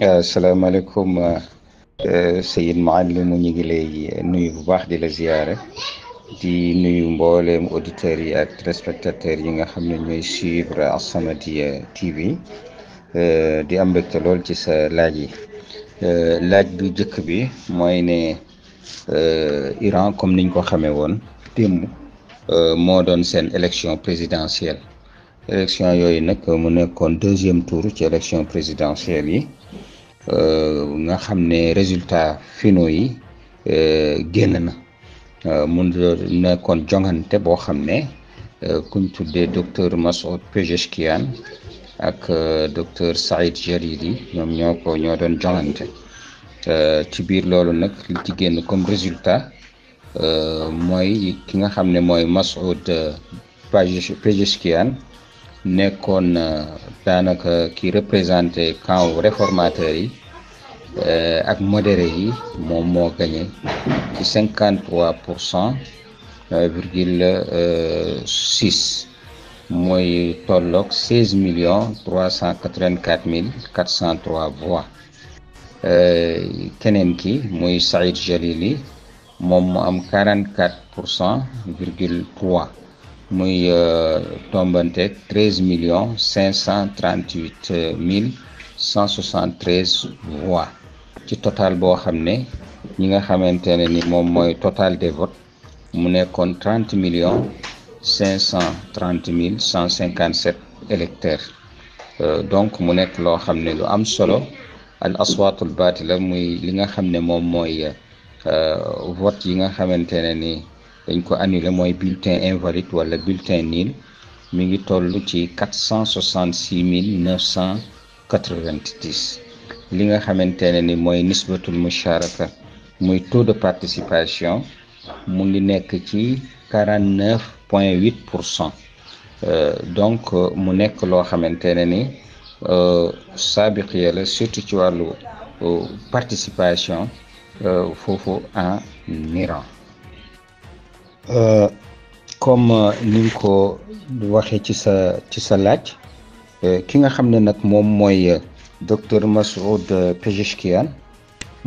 asalaamaaleykum uh, uh, Seyid Muallim ñu ngi lay uh, nuyu bu baax di la ziyaare di nuyu mbooleem auditeurs yi ak téléspectateurs yi nga xam ne ñooy suivre As-Samadiyya TV di am mbégte lool ci sa laaj yi laaj bu jëkk bi mooy ne Iran comme niñ ko xamee woon démb moo doon seen élection présidentielle élection yooyu nag mu nekkoon deuxième tour ci élection présidentielle yi Euh, nga xam ne résultat finaux yi euh, génn na euh, mun nekkoon jongante boo xam ne kuñ de docteur Masoud Pezeshkian ak docteur Saïd Jaridi ñoom ñoo ko ñoo doon jongante ci biir loolu nag génn comme résultat mooy ki nga xam ne mooy Masoud Pezeshkian nekkoon daanaka ki représenté camp réformateur yi Euh, ak modéré yi moom moo gagné ci cinquante trois pour cent euh, virgule euh, six mooy tolloog seize millions trois cent quatre vingt mille quatre cent trois ki muy Saïd Jalili moom mu am quarante quatre pour cent virgule trois muy treize millions cinq cent trente mille. 173 voix ci total boo xam ne ñi nga xamante ne ni moom mooy total des votes mu nekkoon 30 millions 530 mille 157 électeurs euh, donc mu nekk loo xam ne lu am solo al aswaatul baatila muy li nga xam ne moom mooy euh, vote yi nga xamante ne ni dañ ko annulé mooy bulletin invalide wala bulletin nil mi ngi toll ci 466 mille 900 90 li nga xamante ne ni mooy nisbatul musharaka muy taux de participation mu ngi nekk ci 49 point 8 pour cent euh, donc mu nekk loo xamante ne ni euh, saabiqiya la surtout ci wàllu euh, participation foofu en Iran comme ni nga ko waxee ci sa ci sa laaj Euh, ki nga xam ne nag moom mooy euh, docteur Massoud euh, Pezeshkian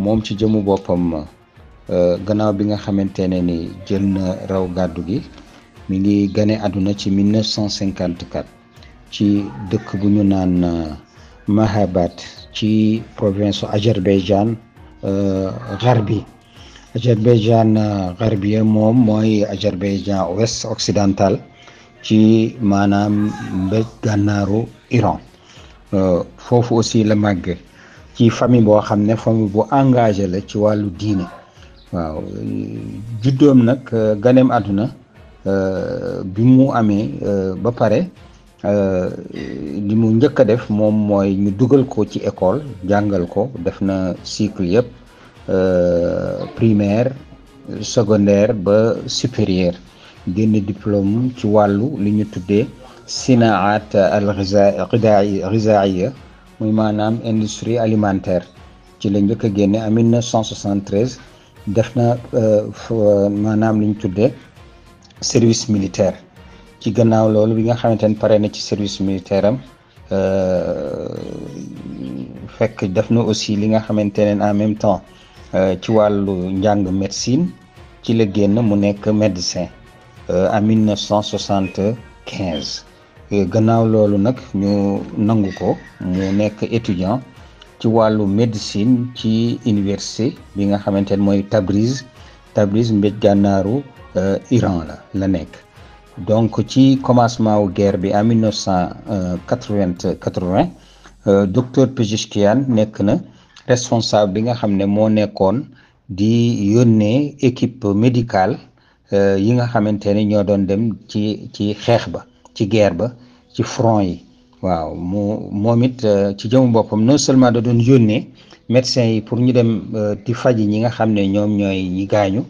moom ci jëmu boppam gannaaw bi nga xamante ne ni jël na raw gàddu gi mi ngi gane àdduna ci 1954 ci dëkk bu ñu naan Mahabat ci province Azerbaïdjan Garbi Azerbaïdjan Garbi moom mooy Azerbaïdjan ouest occidental ci maanaam mbéj gànnaaru Iran euh, foofu aussi la màgge ci famille boo xam ne famille bu engagé la ci wàllu diine waaw juddoom nag euh, ganeem àdduna euh, bi mu amee ba pare li mu njëkk a def moom mooy ñu dugal ko ci école jàngal ko def na cycle yëpp primaire secondaire ba supérieur génné diplôme ci walu li ñu tuddee sinaat al ghizaiya muy manam industrie alimentaire ci la njëkk génné en 1973 def na euh, euh, maanaam li ñu tuddé service militaire ci gannaaw loolu bi nga xamante paré pare na ci service militaire am euh, fekk def na aussi li nga xamante en même temps ci walu njang médecine ci la génn mu nekk médecin euh, en 1975 gannaaw loolu nag ñu nangu ko mu nekk étudiant ci médecine ci université bi nga xamante ne Tabriz Tabriz mbéj euh, Iran la la nekk donc ci commencement wu guerre bi en 1980 80 euh, docteur Pejishkian nekk na responsable bi nga xam mo nekkone di yonne équipe médicale Euh, yi nga xamante ne ñoo doon dem ci ci xeex ba ci guerre ba ci front yi waaw mu moom it euh, ci jëmu boppam non seulement da doon yónnee médecins yi pour ñu dem euh, di faji ñi nga xam ne ñoom ñooy ñi gaañu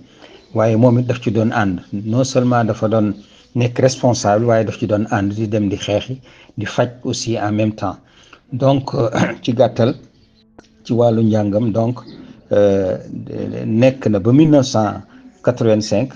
waaye moom it daf ci doon ànd non seulement dafa doon nekk responsable waaye daf ci doon ànd di dem di xeexi di faj aussi en même temps donc ci gàttal ci wàllu njàngam donc nekk na ba 1985.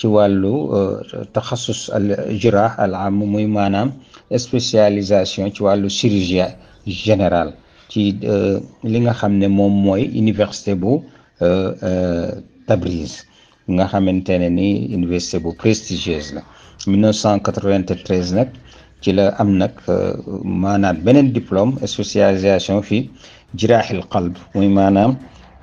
ci wàllu euh, taxasus al jirah al am muy maanaam spécialisation ci wàllu chirurgie générale ci euh, li nga xam ne moom mooy université bu euh, Tabriz nga xamante ne ni université bu prestigieuse la 1993 nag ci la am nag maanaam beneen diplôme spécialisation fi jiraaxil qalb muy maanaam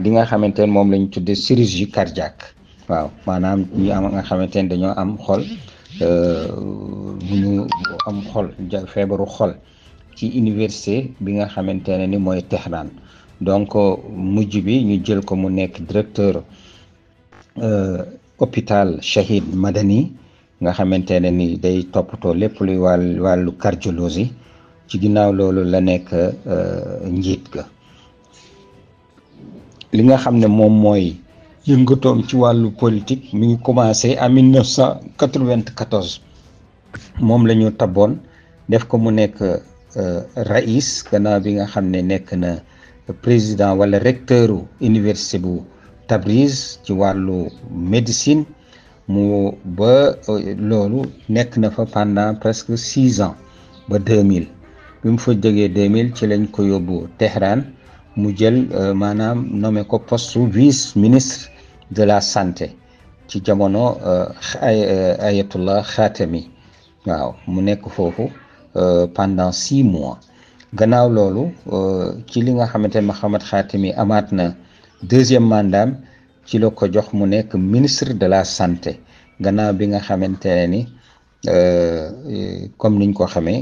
li nga xamante ne moom la ñu tuddee chirurgie cardiaque waaw maanaam ñu am nga xamante ne dañoo am xol euh, bu ñu am xol feebaru xol ci université bi nga xamante ne ni mooy Tehran donc mujj bi ñu jël ko mu nekk directeur euh, hôpital Shahid madeni nga xamante ne ni day toppatoo lépp luy wàll wàllu cardiologie ci ginnaaw loolu la nekk euh, njiit ga li nga xam ne moom mooy yëngatoon ci wàllu politique mu ngi commencé à 1994 moom la ñu taboon def ko mu nekk euh, raïs gannaaw bi nga xam ne nekk na président wala recteuru université bu Tabriz ci wàllu médecine mu ba euh, loolu nekk na fa pendant presque six ans ba 2000 bi mu fa jógee 2000 ci lañ ko yóbbu Téhéran mu jël euh, maanaam nome ko poste vice ministre de la santé ci jamono euh, euh, ayatullah xaatami waaw mu nekk foofu euh, pendant six mois gannaaw loolu ci li nga xamante ne Mahamad xaatami amaat na deuxième mandat ci la ko jox mu nekk ministre de la santé gannaaw bi nga xamante ne ni comme niñ ko xamee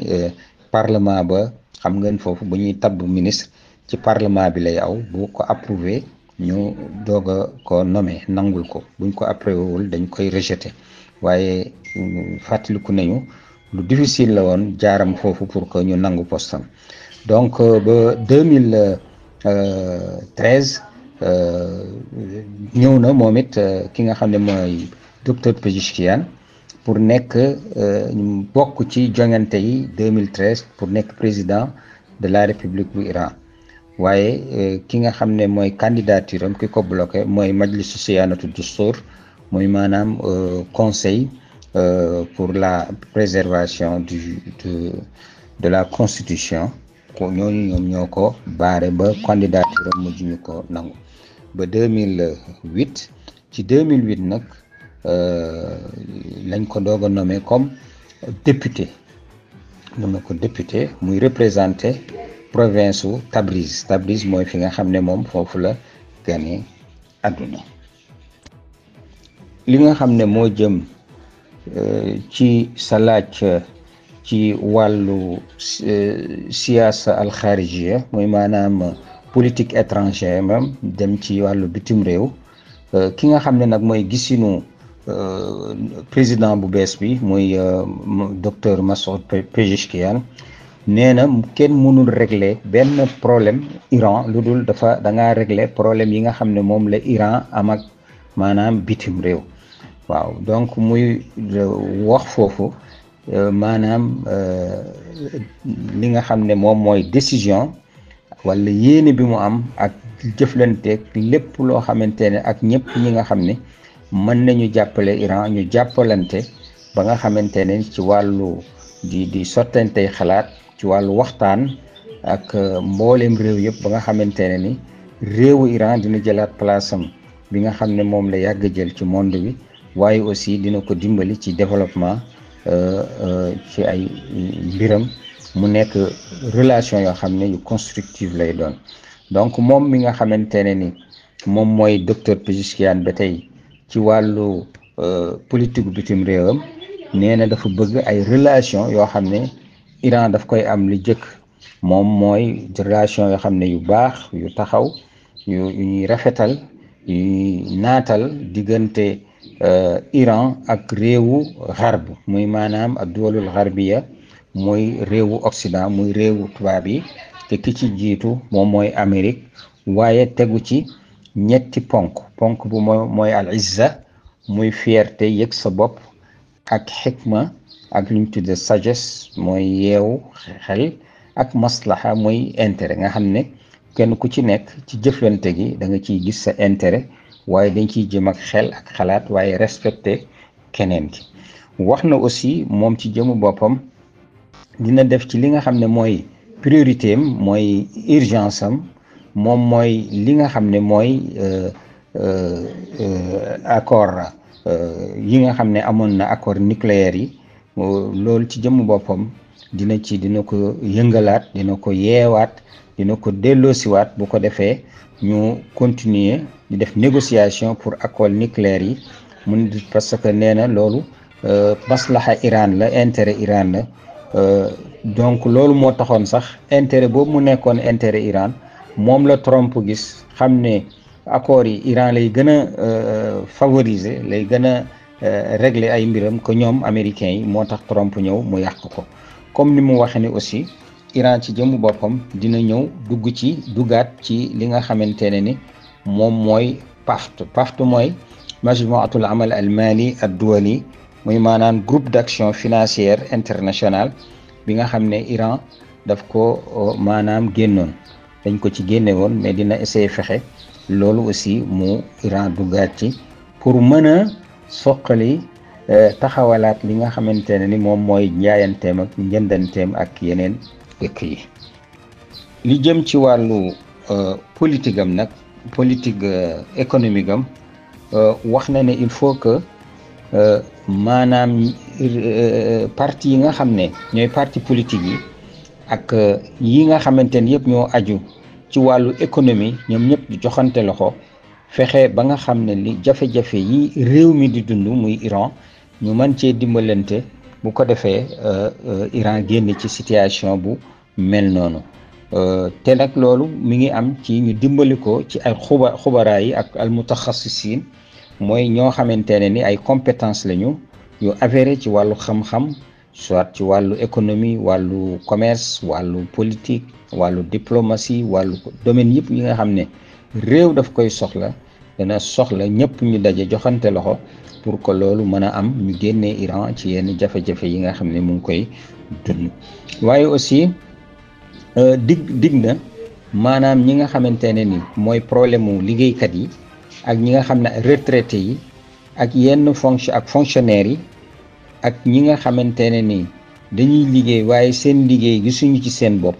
parlement ba xam ngan foofu ba ñuy tabb ministre ci parlement bi lay aw ko approuvé ñu doog a ko nommé nangul ko buñ ko approuvé wul dañ koy rejeté waaye mm, fàttaliku nañu lu difficile la woon jaaram foofu pour que ñu nangu postam donc euh, ba 2013 euh, euh, ñëw na moom it ki nga xam ne mooy docteur Pezeshkian pour nekk bokk ci joŋante yi 2013 pour nekk président de la république bu Iran. waaye euh, ki nga xam ne mooy candidature am ki ko bloqué mooy majlisu siyaanatu dustur mooy maanaam euh, conseil euh, pour la préservation du de la constitution ko ñooñu ñoom ñoo ko baare ba candidature mujj ñu ko nangu ba 2008 ci 2008 nag lañ ko doog a nommé comme député nommé ko député muy représenté province su Tabriz Tabriz mooy fi nga xam ne moom foofu la gane àdduna li nga xam ne moo jëm euh, ci sa laaj ci wàllu euh, siyaasa alxaarijiya mooy maanaam politique étrangère mam dem ci wàllu bitim réew euh, ki nga xam ne nag mooy gisinu président bu bees bi mooy docteur Massoud Pezeshkian nee na kenn mënul régle benn problème Iran lu dul dafa da ngaa régler problème yi nga xam ne moom la Iran am ak maanaam bitim réew waaw donc muy euh, wax foofu euh, maanaam euh, li nga xam ne moom mooy décision wala yéene bi mu am ak jëflanteeg lépp loo xamante ne ak ñëpp ñi nga xam ne mën nañu jàppale Iran ñu jàppalante ba nga xamante ne ci wàllu di di sottantey xalaat ci wàllu waxtaan ak euh, mbooleem réew yëpp ba nga xamante ne ni réewu Iran dina jëlaat place am bi nga xam ne moom la yàgg jël ci monde bi waaye aussi dina ko dimbali ci développement euh, euh, ci ay mbiram mu nekk relation yoo xam ne yu constructive lay doon donc moom mi nga xamante ne ni moom mooy docteur Pezeshkian ba tey ci wàllu politique bitim réewam nee dafa bëgg ay relation yoo xam ne Iran daf koy am li jëkk moom mooy relation yoo xam ne yu baax yu taxaw yu yu ñuy rafetal yu ñuy naatal diggante euh, Iran ak réewu xarb muy maanaam ak duwalul xarbiya muy réewu Occident muy réewu tubaab yi te ci jiitu moom mooy Amérique waaye tegu ci ñetti ponk ponk bu mooy mooy al izza muy fierté yëg sa bopp ak xikma ak lu ñu tuddee sagesse mooy yeewu xel ak maslaha mooy intérêt nga xam ne kenn ku ci nekk ci jëflante gi da nga ciy gis sa intérêt waaye dañ ciy jëm ak xel ak xalaat waaye respecté keneen ki wax na aussi moom ci jëmu boppam dina def ci li nga xam ne mooy priorité am mooy urgence am moom mooy li nga xam ne mooy euh, euh, euh, accord yi nga xam ne amoon na accord nucléaire yi loolu ci jëmm boppam dina ci dina ko yëngalaat dina ko yeewaat dina ko delloosiwaat bu ko defee ñu continuer di def négociation pour accord nucléaire yi mun parce que nee na loolu euh, maslaxa Iran la intérêt Iran la euh, donc loolu moo taxoon sax intérêt boobu mu nekkoon intérêt Iran moom la Trump gis xam ne accords yi Iran lay gën a euh, favoriser lay gën Euh, réglé ay mbiram ko ñoom américains yi moo tax Trump ñëw mu yàq ko comme ni mu waxee ne aussi Iran ci jëmu boppam dina ñëw dugg ci duggaat ci li nga xamante ne ni moom mooy PAFT PAFT mooy majmuatul amal al mali ad duwali muy maanaam groupe d'action financière internationale bi nga xam ne Iran daf ko euh, maanaam génnoon dañ ko ci génne woon mais dina essayer fexe loolu aussi mu Iran duggaat ci pour mën soqali eh, taxawalaat li nga xamante ne ni moom mooy njaayanteem ak njëndanteem ak yeneen dëkk yi li jëm ci wàllu eh, politique am nag politique eh, économique am wax na ne il faut que maanaam partie yi nga xam ne ñooy parti politique yi ak yi nga xamante ni yëpp ñoo aju ci wàllu économie ñoom ñëpp di joxante loxo fexe ba nga xam ne ni jafe-jafe yi réew mi di dund muy Iran ñu man cee dimbalante bu ko defee euh, euh, Iran génn ci situation bu mel noonu euh, te nag loolu mi ngi am ci ñu dimbali ko ci ay xuba xubaraa yi ak almutaxassisiin mooy ñoo xamante ne ni ay compétence lañu yu avéré ci wàllu xam-xam soit ci wàllu économie wàllu commerce wàllu politique wàllu diplomatie wàllu domaine yëpp yi nga xam ne réew daf koy soxla dana soxla ñëpp ñu daje joxante loxo pour que loolu mën a am ñu génnee Iran ci yenn jafe-jafe yi nga xam ne mu ngi koy dund waaye aussi euh, dig digg na maanaam ñi nga xamante ne ni mooy problème mu liggéeykat yi ak ñi nga xam ne retraité yi ak yenn fonction ak fonctionnaire yi ak ñi nga xamante ne ni dañuy liggéey waaye seen liggéey gisuñu ci seen bopp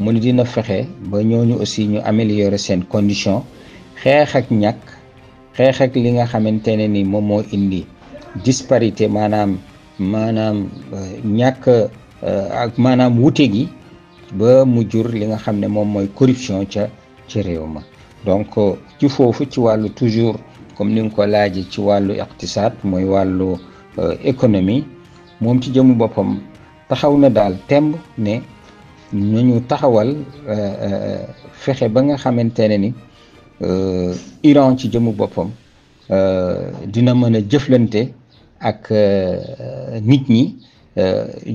mu ni dina fexe ba ñooñu aussi ñu améliorer seen condition xeex ak ñàkk xeex ak li nga xamante ne ni moom moo indi disparité maanaam maanaam euh, ñàkk euh, ak maanaam wute gi ba mu jur li nga xam ne moom mooy corruption ca ci réew ma donc euh, ci foofu ci wàllu toujours comme ni nga ko laajee ci wàllu iqtisaad mooy wàllu économie moom ci jëmu boppam taxaw na daal temb ne nañu taxawal euh, euh, fexe ba nga xamante ne ni euh, Iran ci jëmu boppam dina mën a jëflante ak nit ñi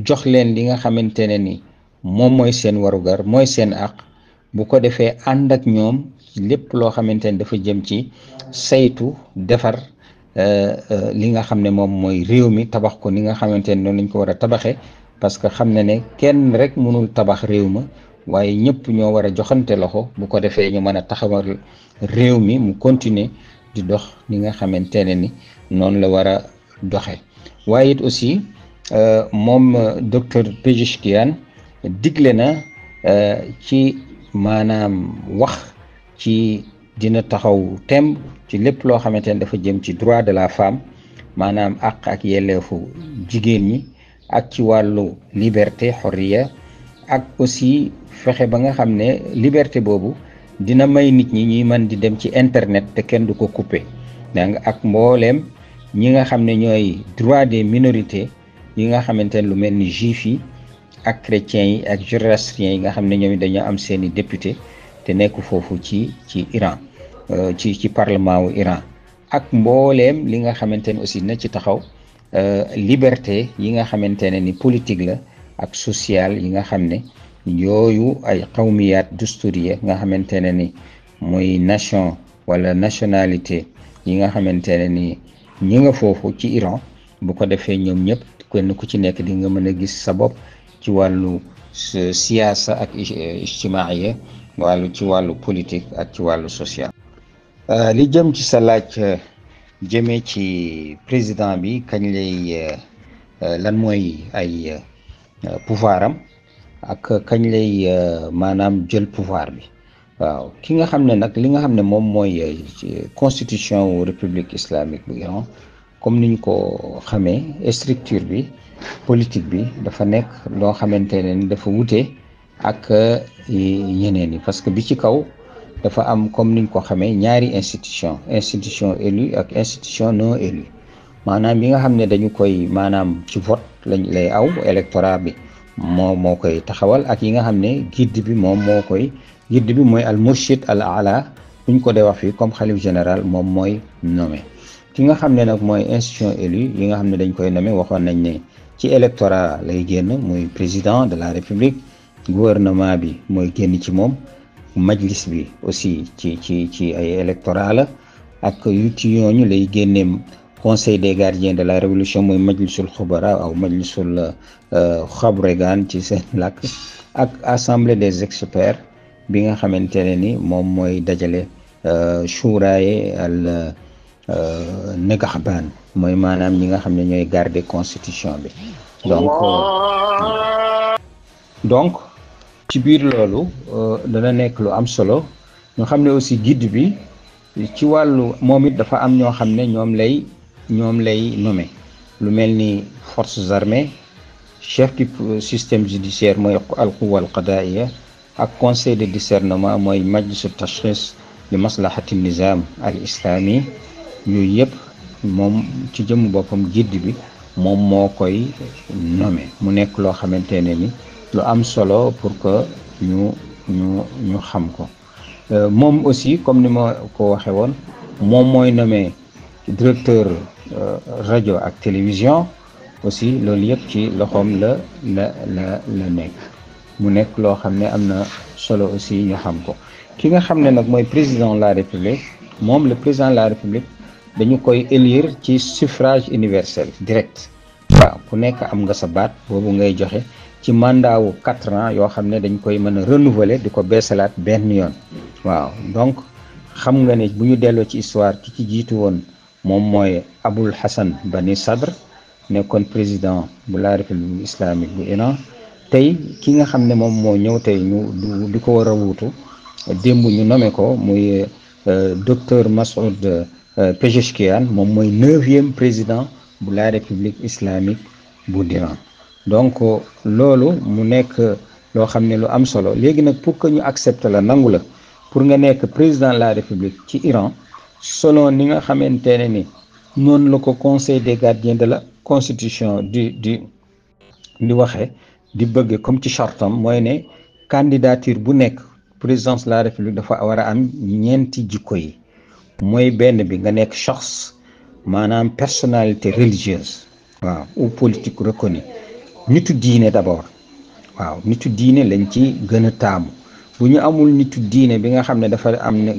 jox leen li nga xamante ne ni moom mooy seen warugar mooy seen àq bu ko defee ànd ak ñoom lépp loo xamante ne dafa jëm ci saytu defar li nga xam ne moom mooy réew mi tabax ko ni nga xamante ne noonu lañ ko war a tabaxee parce que xam na ne kenn rek mënul tabax réew ma waaye ñëpp ñoo war a joxante loxo bu ko defee ñu mën a taxawal réew mi mu continuer di dox ni nga xamante ne ni noonu la war a doxe waaye it aussi euh, moom euh, docteur Pejishkian digle na euh, ci maanaam wax ci dina taxaw temb ci lépp loo xamante ne dafa jëm ci droit de la femme maanaam àq ak yelleefu jigéen ñi ak ci wàllu liberté xorriya ak aussi fexe ba nga xam ne liberté boobu dina may nit ñi ñuy mën di dem ci internet te kenn du ko couper danga ak mbooleem ñi nga xam ne ñooy droit des minorités yi nga xamante ne lu mel ni juif yi ak chrétiens yi ak zoroastriens yi nga xam ne ñoom dañoo am seeni député te nekk foofu ci ci Iran euh, ci ci parlement wu Iran ak mbooleem li nga xamante ne aussi na ci taxaw Euh, liberté yi nga xamante ne ni politique la ak social yi nga xam ne yooyu ay xawmiyaat dusturiya nga xamante ne ni mooy nation wala nationalité yi nga xamante ne ni ñi nga foofu ci Iran bu ko defee ñoom ñëpp kenn ku ci nekk di nga mën a gis sa bopp ci wàllu euh, siyaasa ak ijtimaaya wàllu ci wàllu politique ak ci wàllu social euh, li jëm ci sa jëmee ci président bi kañ lay euh, euh, lan mooy ay euh, pouvoir am ak kañ lay maanaam jël pouvoir bi waaw ki nga xam ne nag li nga xam ne moom mooy constitution wu république islamique bu Iran comme niñ ko xamee structure bi politique bi dafa nekk loo xamante ne dafa wute ak yeneen yi parce que bi ci kaw dafa am comme niñ ko xamee ñaari institution institution élue ak institution non élue maanaam yi nga xam ne dañu koy maanaam ci vote lañ lay aw électorat bi moo moo koy taxawal ak yi nga xam ne guide bi moom moo koy guide bi mooy al murshid al ala buñ ko dee wax fii comme xalif général moom mooy nommé ki nga xam ne nag mooy institution élue yi nga xam ne dañ koy nommé waxoon nañ ne ci électorat lay génn mooy président de la république gouvernement bi mooy génn ci moom majlis bi aussi ci ci ci ay électoral, ak yu ci yooñu lay génneem conseil des gardiens de la révolution mooy majlisul khubara aw majlisul khabregan euh, ci seen làkk ak assemblée des experts bi nga xamantene ni moom mooy dajale euh, chouraye al euh, nagaxbaan mooy maanaam ñi nga xam ne ñooy garder constitution bi donc donc ci biir loolu euh, dana nekk lu am solo ñu xam ne aussi gidd bi ci wàllu moom it dafa am ñoo xam ne ñoom lay ñoom lay nome lu mel ni forces armées chef du système judiciaire mooy al quwa al qadaaiya ak conseil de discernement mooy majlisu tashxis li maslahati nizam al islami yooyu yëpp moom ci jëmm boppam guide bi moom moo koy nommé mu nekk loo xamante ne ni lu am solo pour que nous nous ñu xam ko euh, aussi comme ni ma ko waxee woon moom mooy nommé directeur euh, radio ak télévision aussi le yëpp qui le la la la la nekk mu nekk loo xam ne solo aussi ñu xam ko ki nga président de la république moom le président de la république dañu koy élire ci suffrage universel direct mandat ku nekk am nga sa baat boobu ngay joxe ci mandat wu quatre ans yoo xam ne dañ koy mën a renouveler di ko beesalaat benn yoon waaw donc xam nga ne bu ñu delloo ci histoire ki ci jiitu woon moom mooy Abul Hassan Bani Sadr nekkoon président bu la république islamique bu Iran tey ki nga xam ne moom moo ñëw tey ñu di ko war a wuutu démb ñu nome ko muy euh, docteur Masoud euh, Pezeshkian moom mooy neuvième président bu la république islamique bu d'Iran donc lolu mu nek lo xam lu am solo léegi nak pour que ñu accepte la nangula pour nga nek président de la république ci Iran selon ni nga xamante ni non la ko conseil des gardiens de la constitution du du di waxee di bëgg comme ci chartam moy ne candidature bu nek présidence de la république dafa wara am ñenti jikko yi moy benn bi nga nek chaxs maanaam personnalité religieuse waaw ou politique reconnue nitu diine d'abord waaw nitu diine lañ ci gën a taamu bu ñu amul nitu diine bi nga xam ne dafa am ne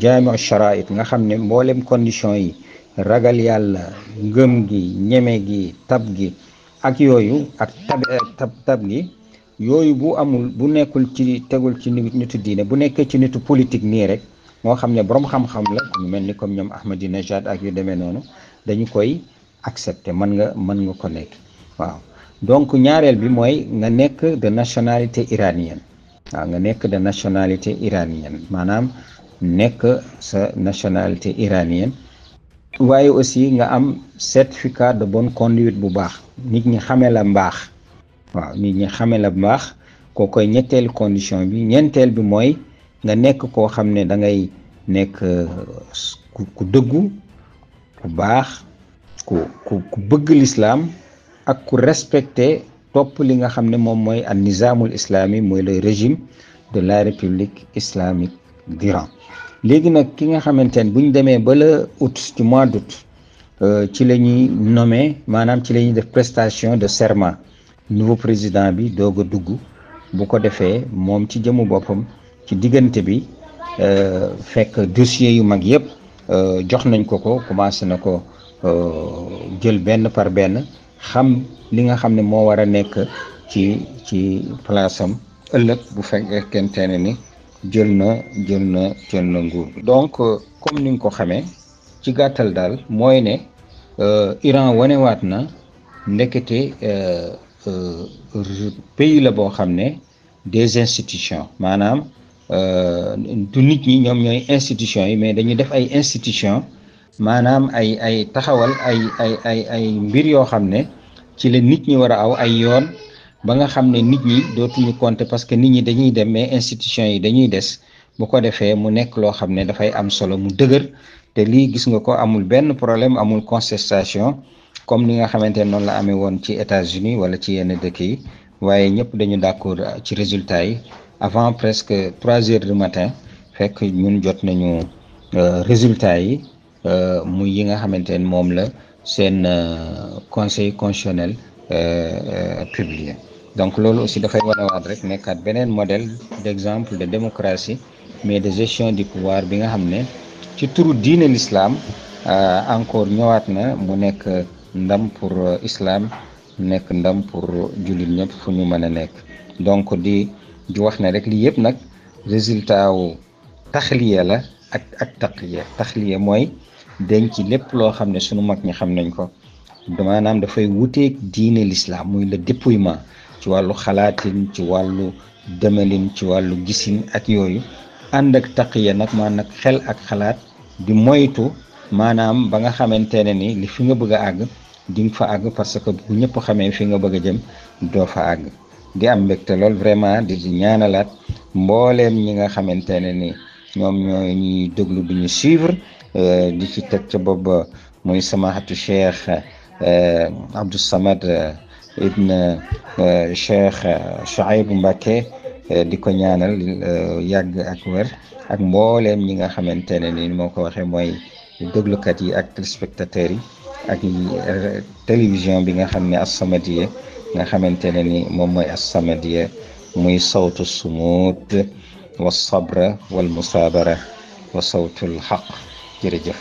jaami sharaait nga xam ne mboolem condition yi ragal yàlla ngëm gi ñeme gi tab gi ak yooyu ak eh, tab tab gi yooyu bu amul bu nekkul ci tegul ci nitu diine bu nekkee ci nitu politique nii rek moo xam ne borom xam-xam la ñu mel ni comme ñoom Ahmadinejad ak yu demee noonu dañu koy accepter mën nga mën nga ko nekk waaw donc ñaareel bi mooy nga nekk de nationalité iranienne nga nekk de nationalité iranienne maanaam nekk sa nationalité iranienne waaye aussi nga am certificat de bonne conduite bu baax nit ñi xamee la mbaax waaw nit ñi xamee la mbaax koo koy ñetteelu condition bi ñeenteel bi mooy nga nekk koo xam ne da ngay nekk ku dëggu ku baax ku ku bëgg lislaam ak ku respecté topp li nga xam ne moom mooy an nizaamul islami mooy le régime de la république islamique d'Iran léegi nag ki nga xamante ne bu ñu demee ba le août ci mois d'août euh, ci la ñuy nommé maanaam ci lañuy def prestation de serment nouveau président bi doog dugg bu ko defee moom ci jëmu boppam ci diggante bi euh, fekk dossier yu mag yëpp euh, jox nañ ko ko commencé na ko euh, jël benn par benn xam li nga xam ne moo war a nekk ci ci place am ëllëg bu fekkente ne ni jël na jël na nguur donc comme ni nga ko xamee ci gàttal daal mooy ne Iran wanewaat na ndekete pays la boo xam ne des institutions maanaam Euh, du nit ñi ñoom ñooy institution yi mais dañuy def ay institution maanaam ay ay taxawal ay ay ay ay mbir yoo xam ne ci la nit ñi war a aw ay yoon ba nga xam ne nit ñi dootuñu compter parce que nit ñi dañuy dem mais institution yi dañuy des bu ko defee mu nekk loo xam ne dafay am solo mu dëgër te lii gis nga ko amul benn problème amul contestation comme ni nga xamante ne noonu la amee woon ci États-Unis wala ci yenn dëkk yi waaye ñëpp dañu d'accord ci résultat yi avant presque 3 heures du matin fait que ñun jot nañu euh, résultat yi euh muy yi nga xamantene mom la sen euh, conseil constitutionnel euh, publié donc lolu aussi da fay dafay wat rek nekkat benen modèle d'exemple de démocratie mais de gestion du pouvoir bi nga xamné ci turu diine l'islam euh encore ñëwaat na mu nekk ndam pour islam nekk ndam pour julit ñëpp fu ñu mëna a nekk donc di di wax ne rek lii yëpp nag résultat wu taxliya la ak ak taqiya taxliya mooy denc lépp loo xam ne sunu mag ñi xam nañ ko maanaam dafay wuteeg diine l'islam muy le dépouillement ci wàllu xalaatin ci wàllu demelin ci wàllu gisin ak yooyu ànd ak taqiya nag maa nag xel ak xalaat di moytu maanaam ba nga xamante ne ni li fi nga bëgg a àgg di fa àgg parce que bu ñëpp xamee fi nga bëgg a jëm doo fa àgg di am mbégte lool vraiment di di ñaanalaat mbooleem ñi nga xamante ne ni ñoom ñooy ñuy déglu du ñu suivre euh, di ci teg ca bopp muy samahatu cheikh euh, Abdou Samad euh, ibn cheikh Chouaïbou mbake di ko ñaanal yàgg ak wér ak mbooleem ñi nga xamante ne ni moo ko waxee mooy déglukat yi ak téléspectateurs yi ak télévision bi nga xam ne As-Samadiyya nga xamantene ne ni moom mooy assamadiya muy sawtu sumuud wa sabra wal musabara wa sawtul xaq jërëjëf